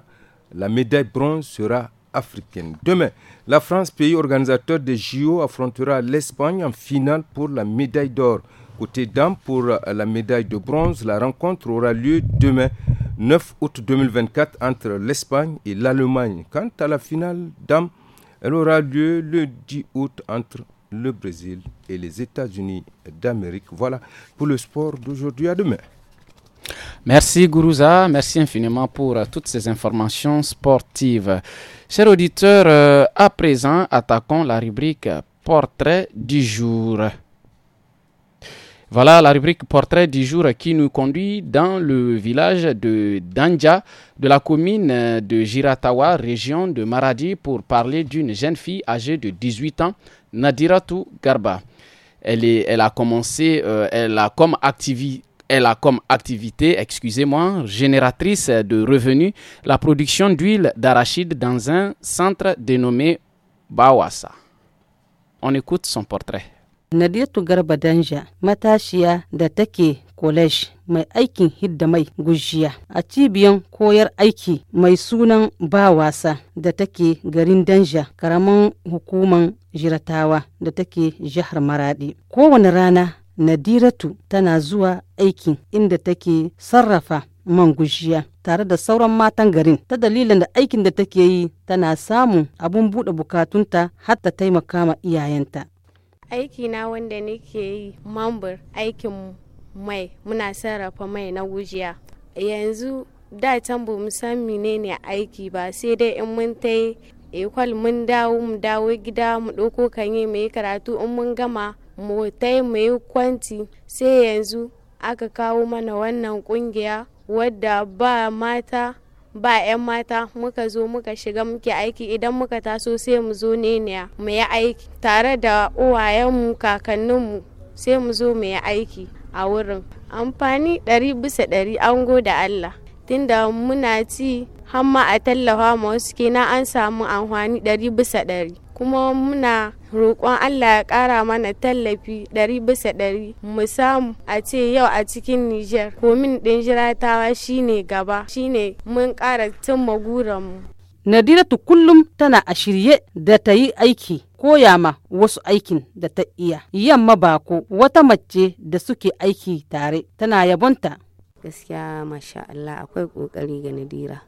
la médaille bronze sera africaine. Demain, la France, pays organisateur des JO, affrontera l'Espagne en finale pour la médaille d'or. Côté dames, pour euh, la médaille de bronze, la rencontre aura lieu demain, 9 août 2024, entre l'Espagne et l'Allemagne. Quant à la finale dames, elle aura lieu le 10 août entre le Brésil et les États-Unis d'Amérique. Voilà pour le sport d'aujourd'hui à demain. Merci Gourouza, merci infiniment pour euh, toutes ces informations sportives. Chers auditeurs, euh, à présent, attaquons la rubrique Portrait du jour. Voilà la rubrique Portrait du jour qui nous conduit dans le village de Danja, de la commune de Giratawa, région de Maradi, pour parler d'une jeune fille âgée de 18 ans, Nadiratu Garba. Elle, est, elle a commencé, euh, elle a comme activité elle a comme activité, excusez-moi, génératrice de revenus, la production d'huile d'arachide dans un centre dénommé Bawasa. On écoute son portrait. Nadiatu Garba matashia matashiya da college mai aikin hidda mai gujiya a aiki mai sunan Bawasa Garindanja, da garin danja hukuman jiratawa da take maradi rana Nadiratu tana zuwa aikin inda take sarrafa man gushiya tare da sauran matan garin ta dalilin da aikin da take yi tana samun abun buɗe bukatunta har ta taimaka ma iyayenta. aiki na wanda nake yi mambar aikin mai muna sarrafa mai na gujiya. Yanzu da can ba mu san menene aiki ba sai dai in mun ta yi eh, mun dawo mu dawo gida mu ɗauko kanye mu yi karatu in mun gama motai mai kwanti sai yanzu aka kawo mana wannan kungiya wadda ba mata ba 'yan mata muka zo muka shiga muke aiki idan muka taso sai mu zo ne mu yi aiki tare da uwayenmu kakanninmu sai mu zo mu yi aiki a wurin amfani ɗari bisa ɗari an goda Allah tunda muna ci hamma a tallafa ma wasu kenan an samu amfani ɗari bisa ɗari kuma muna roƙon Allah ya ƙara mana tallafi ɗari bisa ɗari mu samu a ce yau a cikin Nijar komin ɗin jiratawa shine gaba shine mun ƙara cimma Nadira Nadiratu kullum tana a shirye da ta yi aiki koya ma wasu aikin da ta iya yamma ko wata mace da suke aiki tare tana yabonta. Gaskiya masha Allah akwai ƙoƙari ga Nadira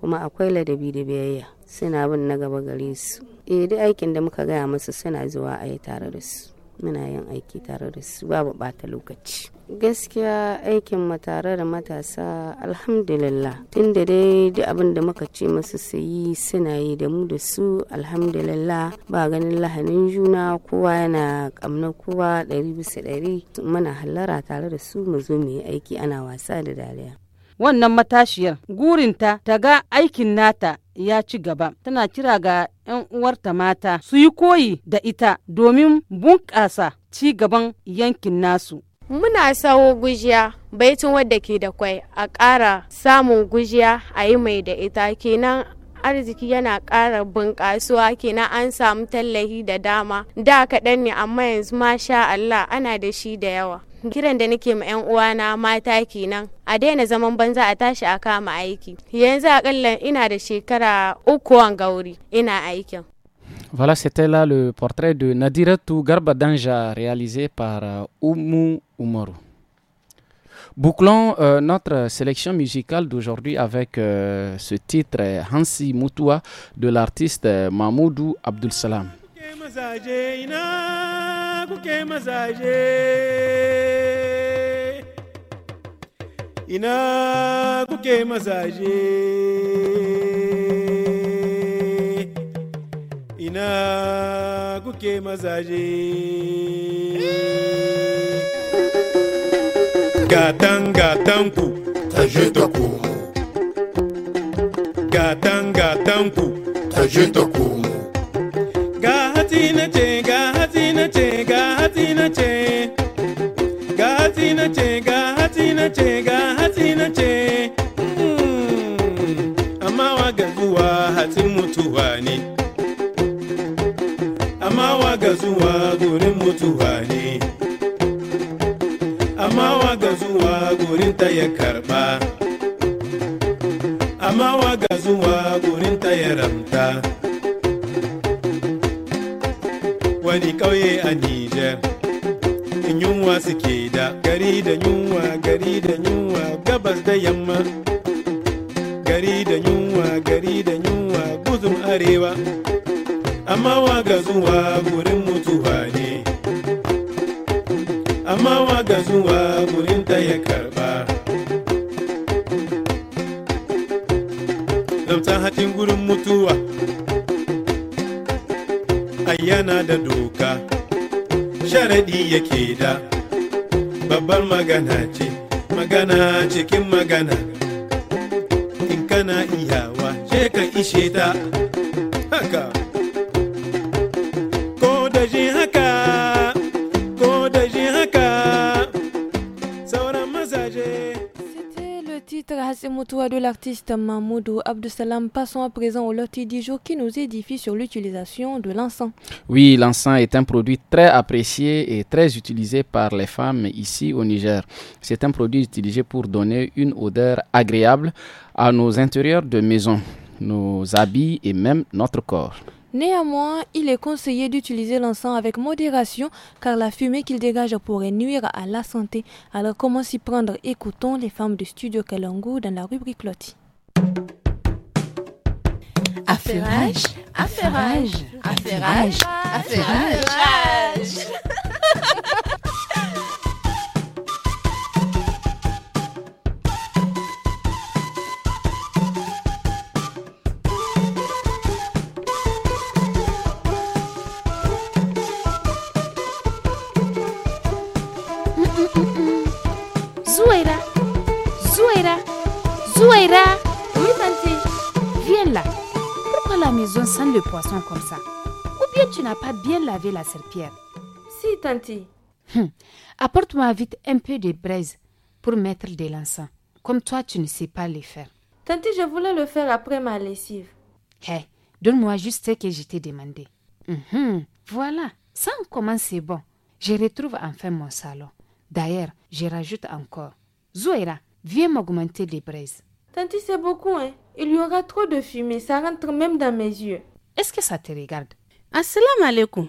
kuma akwai ladabi da biyayya. suna bin na gaba gare su eh duk aikin da muka gaya musu suna zuwa a yi tare da su muna yin aiki tare da su babu bata lokaci gaskiya aikin mu tare da matasa alhamdulillah tunda dai duk abin da muka ce masu su yi suna yi da mu da su alhamdulillah ba ganin lahanin juna kowa yana kamna kowa ɗari bisa ɗari muna hallara tare da su mu zo mu yi aiki ana wasa da dariya wannan matashiyar gurinta ta ga aikin nata ya ci gaba tana kira ga 'yan uwarta mata su yi koyi da ita domin bunƙasa ci gaban yankin nasu muna sawo gujiya baitin wadda ke da kwai a ƙara samun gujiya a yi mai da ita kenan arziki yana ƙara bunƙasuwa kenan an samu tallahi da dama da kaɗan ne amma yanzu masha Allah ana da shi da yawa Voilà, c'était là le portrait de Nadira Garba Danja réalisé par euh, Oumu Umaru. Bouclons euh, notre sélection musicale d'aujourd'hui avec euh, ce titre Hansi Mutua de l'artiste Mahmoudou Abdul Salam. por quem massage Ina por quem massage Ina por quem massage Gatan tá gatan ku tajeta tá kumu Gatan gatan ku tajeta kumu Gati na tenga ce ga hatsi na ce ga hatsi na ce ga hatsi na ce ga hatsi na ce hmm. amma wa gazuwa hatsin mutuwa ne amma wa gazuwa gurin mutuwa ne amma wa gazuwa gurin ta ya karba amma wa gazuwa gurin ta ya ramta wani ƙauye a Nijar. Yunwa suke da gari da yunwa gari da yunwa gabas da yamma. Gari da yunwa gari da yunwa guzun arewa. Amma wa ga zuwa gurin mutuwa ne. Amma wa ga zuwa gurin ta yake da babbar magana ce magana cikin magana l'artiste Mahmoudou Abdusalam. Passons à présent au loti du qui nous édifie sur l'utilisation de l'encens. Oui, l'encens est un produit très apprécié et très utilisé par les femmes ici au Niger. C'est un produit utilisé pour donner une odeur agréable à nos intérieurs de maison, nos habits et même notre corps. Néanmoins, il est conseillé d'utiliser l'encens avec modération car la fumée qu'il dégage pourrait nuire à la santé. Alors comment s'y prendre Écoutons les femmes du studio Kalangu dans la rubrique Loti. Affaire affairage, Affaire affairage. le poisson comme ça. Ou bien tu n'as pas bien lavé la serpillère. Si, tanti. Hum. Apporte-moi vite un peu de braise pour mettre des l'encens. Comme toi, tu ne sais pas les faire. Tanti, je voulais le faire après ma lessive. Hé, donne-moi juste ce que je t'ai demandé. Mhm. Voilà, ça commence, c'est bon. Je retrouve enfin mon salon. D'ailleurs, je rajoute encore. Zoéra, viens m'augmenter des braises. Tanti, c'est beaucoup, hein. Il y aura trop de fumée, ça rentre même dans mes yeux. Est-ce que ça te regarde Assalamu alaikum.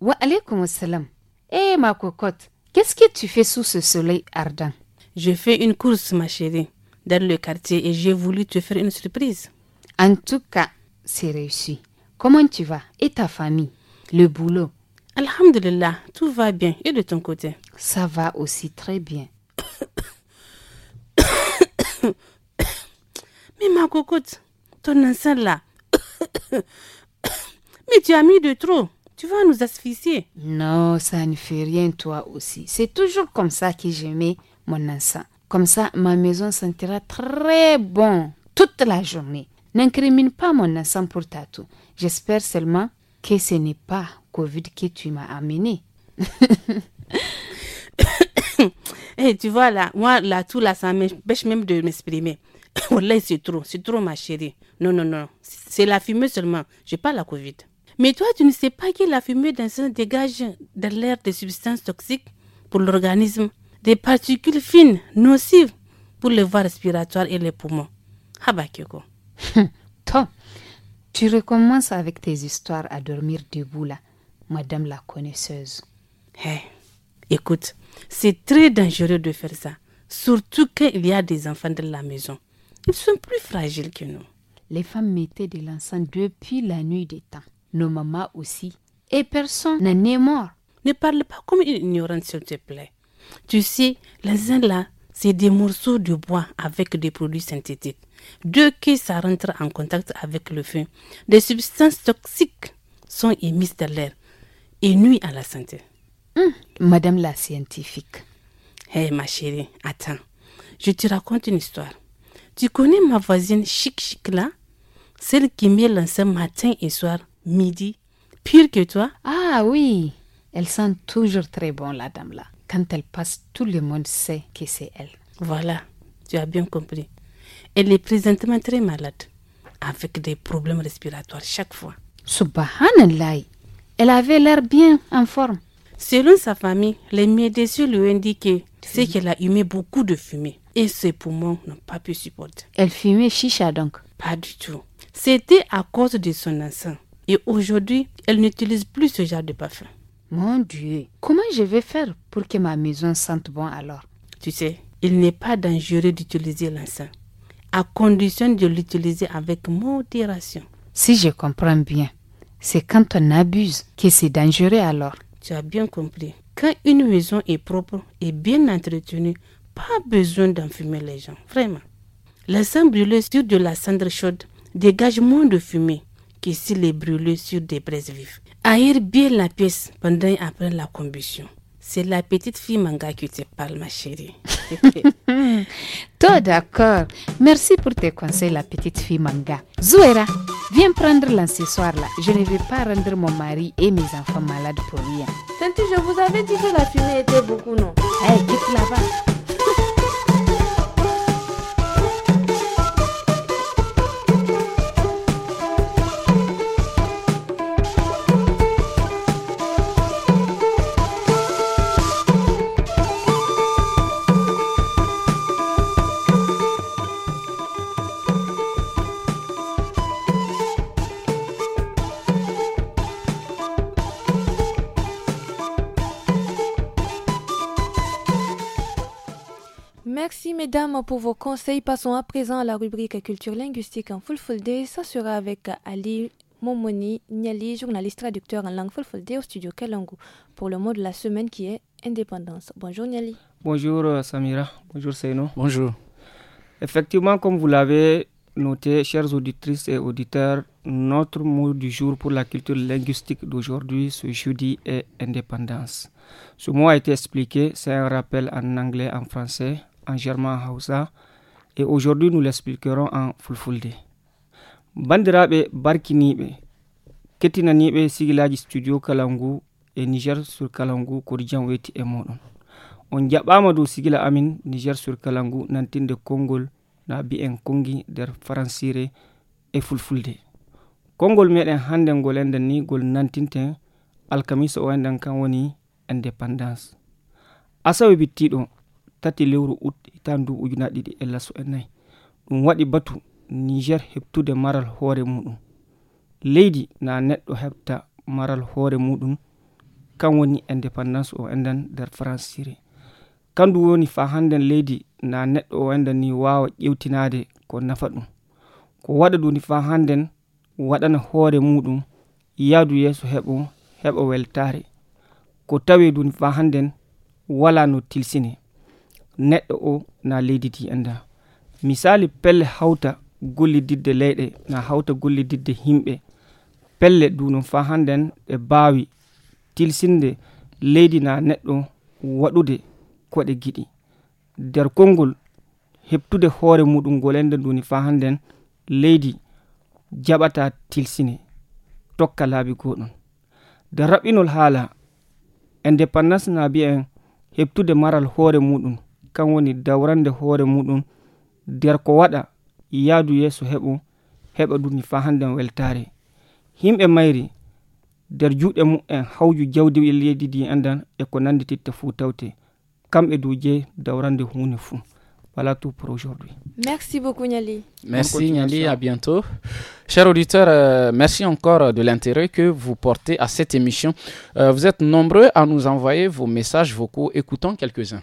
Wa alaikum assalam. Eh ma cocotte, qu'est-ce que tu fais sous ce soleil ardent Je fais une course, ma chérie, dans le quartier et j'ai voulu te faire une surprise. En tout cas, c'est réussi. Comment tu vas Et ta famille Le boulot Alhamdulillah, tout va bien. Et de ton côté Ça va aussi très bien. Mais ma cocotte, ton enceinte là, Mais tu as mis de trop. Tu vas nous asphyxier. Non, ça ne fait rien, toi aussi. C'est toujours comme ça que j'aimais mon ensemble. Comme ça, ma maison sentira très bon toute la journée. N'incrimine pas mon ensemble pour tout J'espère seulement que ce n'est pas Covid que tu m'as amené. Et eh, tu vois là, moi la tout là, ça m'empêche même de m'exprimer. Là, c'est trop, c'est trop, ma chérie. Non, non, non, c'est la fumée seulement. Je pas la Covid. Mais toi, tu ne sais pas que la fumée un dégage de l'air des substances toxiques pour l'organisme, des particules fines, nocives pour les voies respiratoires et les poumons. Habakyoko. Ah Tom, tu recommences avec tes histoires à dormir debout là, madame la connaisseuse. Hé, eh, écoute, c'est très dangereux de faire ça, surtout qu'il il y a des enfants dans la maison. Ils sont plus fragiles que nous. Les femmes mettaient de l'encens depuis la nuit des temps. Nos mamans aussi. Et personne n'en est mort. Ne parle pas comme une ignorante, s'il te plaît. Tu sais, l'encens là, c'est des morceaux de bois avec des produits synthétiques. Deux que ça rentre en contact avec le feu, des substances toxiques sont émises dans l'air et nuisent à la santé. Hum, madame la scientifique. Hé, ma chérie, attends. Je te raconte une histoire. Tu connais ma voisine chic chic là Celle qui met l'encens matin et soir, midi. Pire que toi Ah oui Elle sent toujours très bon la dame là. Quand elle passe, tout le monde sait que c'est elle. Voilà, tu as bien compris. Elle est présentement très malade, avec des problèmes respiratoires chaque fois. Subhanallah Elle avait l'air bien en forme. Selon sa famille, les médecins lui ont indiqué c'est qu'elle a humé beaucoup de fumée et ses poumons n'ont pas pu supporter. Elle fumait chicha donc Pas du tout. C'était à cause de son enceinte. Et aujourd'hui, elle n'utilise plus ce genre de parfum. Mon Dieu, comment je vais faire pour que ma maison sente bon alors Tu sais, il n'est pas dangereux d'utiliser l'encens, à condition de l'utiliser avec modération. Si je comprends bien, c'est quand on abuse que c'est dangereux alors. Tu as bien compris. Quand une maison est propre et bien entretenue, pas besoin d'enfumer les gens, vraiment. Les sang brûlées sur de la cendre chaude Dégage moins de fumée que si les brûlé sur des braises vives. Aïe bien la pièce pendant et après la combustion. C'est la petite fille manga qui te parle, ma chérie. Toi, d'accord. Merci pour tes conseils, la petite fille manga. Zouera, viens prendre l'accessoire là. Je ne vais pas rendre mon mari et mes enfants malades pour rien. Tanti, je vous avais dit que la fumée était beaucoup, non Eh, quitte là-bas. mesdames pour vos conseils. Passons à présent à la rubrique culture linguistique en full full Ça sera avec Ali Momoni Niali, journaliste traducteur en langue full au studio Kalangu pour le mot de la semaine qui est indépendance. Bonjour Niali. Bonjour euh, Samira. Bonjour Seino. Bonjour. Effectivement, comme vous l'avez noté, chères auditrices et auditeurs, notre mot du jour pour la culture linguistique d'aujourd'hui, ce jeudi, est indépendance. Ce mot a été expliqué, c'est un rappel en anglais, en français, en german hausa et aujourd'hui nous l'expliquerons en fulfulde bandiraɓe barkiniɓe kettinaniɓe sigilaji studio kalangu et niger sur kalangu Coridjan weti e moɗon on jaɓɓama dow sigila amin niger sur kalangu de kongol na en kongi der faransire et fulfulde kongol meɗen un ngol enɗen ni gol nantinten alkamisa o enɗen kan woni indépendance asawe tati lewru ut hitan du ujunaɗi ɗi ellaso e, e nayi ɗum waɗi batu niger heɓtude maral hoore muɗum leydi na neɗɗo heɓta maral hoore muɗum kan woni indépendance o enden nder france syrie kandu woni fa handen leydi na neɗɗo o enden ni wawa ƴewtinade ko nafa ɗum ko waɗa ɗu ni fa handen waɗana hoore muɗum yaadu yeeso heɓo heɓa weltare ko tawe duni fa handen wala no tilsine neɗɗo o na leyditi anda misali pelle hawta gollididde leyɗe na hawta gollididde himɓe pelle dunum fa handen ɗe bawi tilsinde leydi na neɗɗo waɗude koɗe giɗi nder kolngol heɓtude hoore muɗum golende nduni fa handen leydi jaɓata tilsine tokka laabi goɗon nde raɓɓinol haala indépendance na mbiyen heɓtude maral hoore muɗum kan woni dawrande hoore muɗum nder ko waɗa yaadu yeeso heɓo heɓa duni fa hande weltare himɓe mayri nder juuɗe mumen hawju jawdi e leydi ndi andan e ko nandi titta fuu tawte kamɓe dow jeey dawrande hunde fuu Voilà tout pour aujourd'hui. Merci beaucoup Niali. Merci Niali, à bientôt. Chers auditeurs, euh, merci encore de l'intérêt que vous portez à cette émission. Euh, vous êtes nombreux à nous envoyer vos messages vocaux. Écoutons quelques-uns.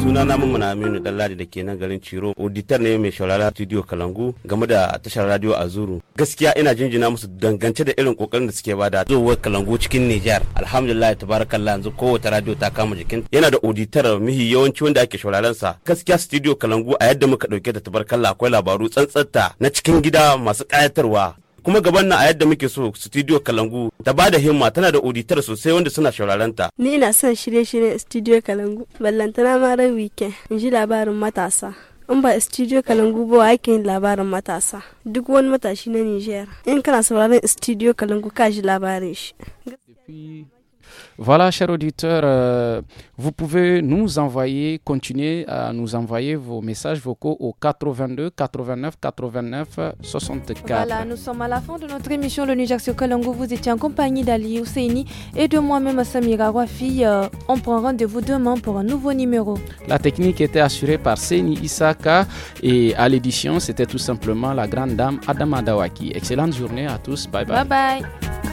suna na mummuna aminu ladi da ke nan garin ciro auditor ne mai shaurara studio kalangu game da tashar radio azuru gaskiya ina jinjina musu dangance da irin kokarin da suke bada zowar kalangu cikin nijar alhamdulillah tabarakallah yanzu kowace radio ta kama jikin yana da auditor mihi yawanci wanda ake shauraron sa gaskiya studio kalangu a yadda muka dauke da tabarakallah akwai labaru tsantsanta na cikin gida masu kayatarwa kuma gaban na a yadda muke so studio kalangu ta bada himma tana da auditor sosai wanda suna shauraron ta ni ina son shirye-shiryen studio kalangu ballantana ma ran weekend in ji labarin matasa in ba studio kalangu ba ake yin labarin matasa duk wani matashi na niger in kana sauraron studio kalangu ka ji labarin shi Voilà, chers auditeurs, euh, vous pouvez nous envoyer, continuer à nous envoyer vos messages vocaux au 82 89 89 64. Voilà, nous sommes à la fin de notre émission Le Niger sur Colongo. Vous étiez en compagnie d'Ali Ousseini et de moi-même Samira Wafi. Euh, on prend rendez-vous demain pour un nouveau numéro. La technique était assurée par Seini Isaka et à l'édition, c'était tout simplement la grande dame Adama Dawaki. Excellente journée à tous. Bye bye. Bye bye.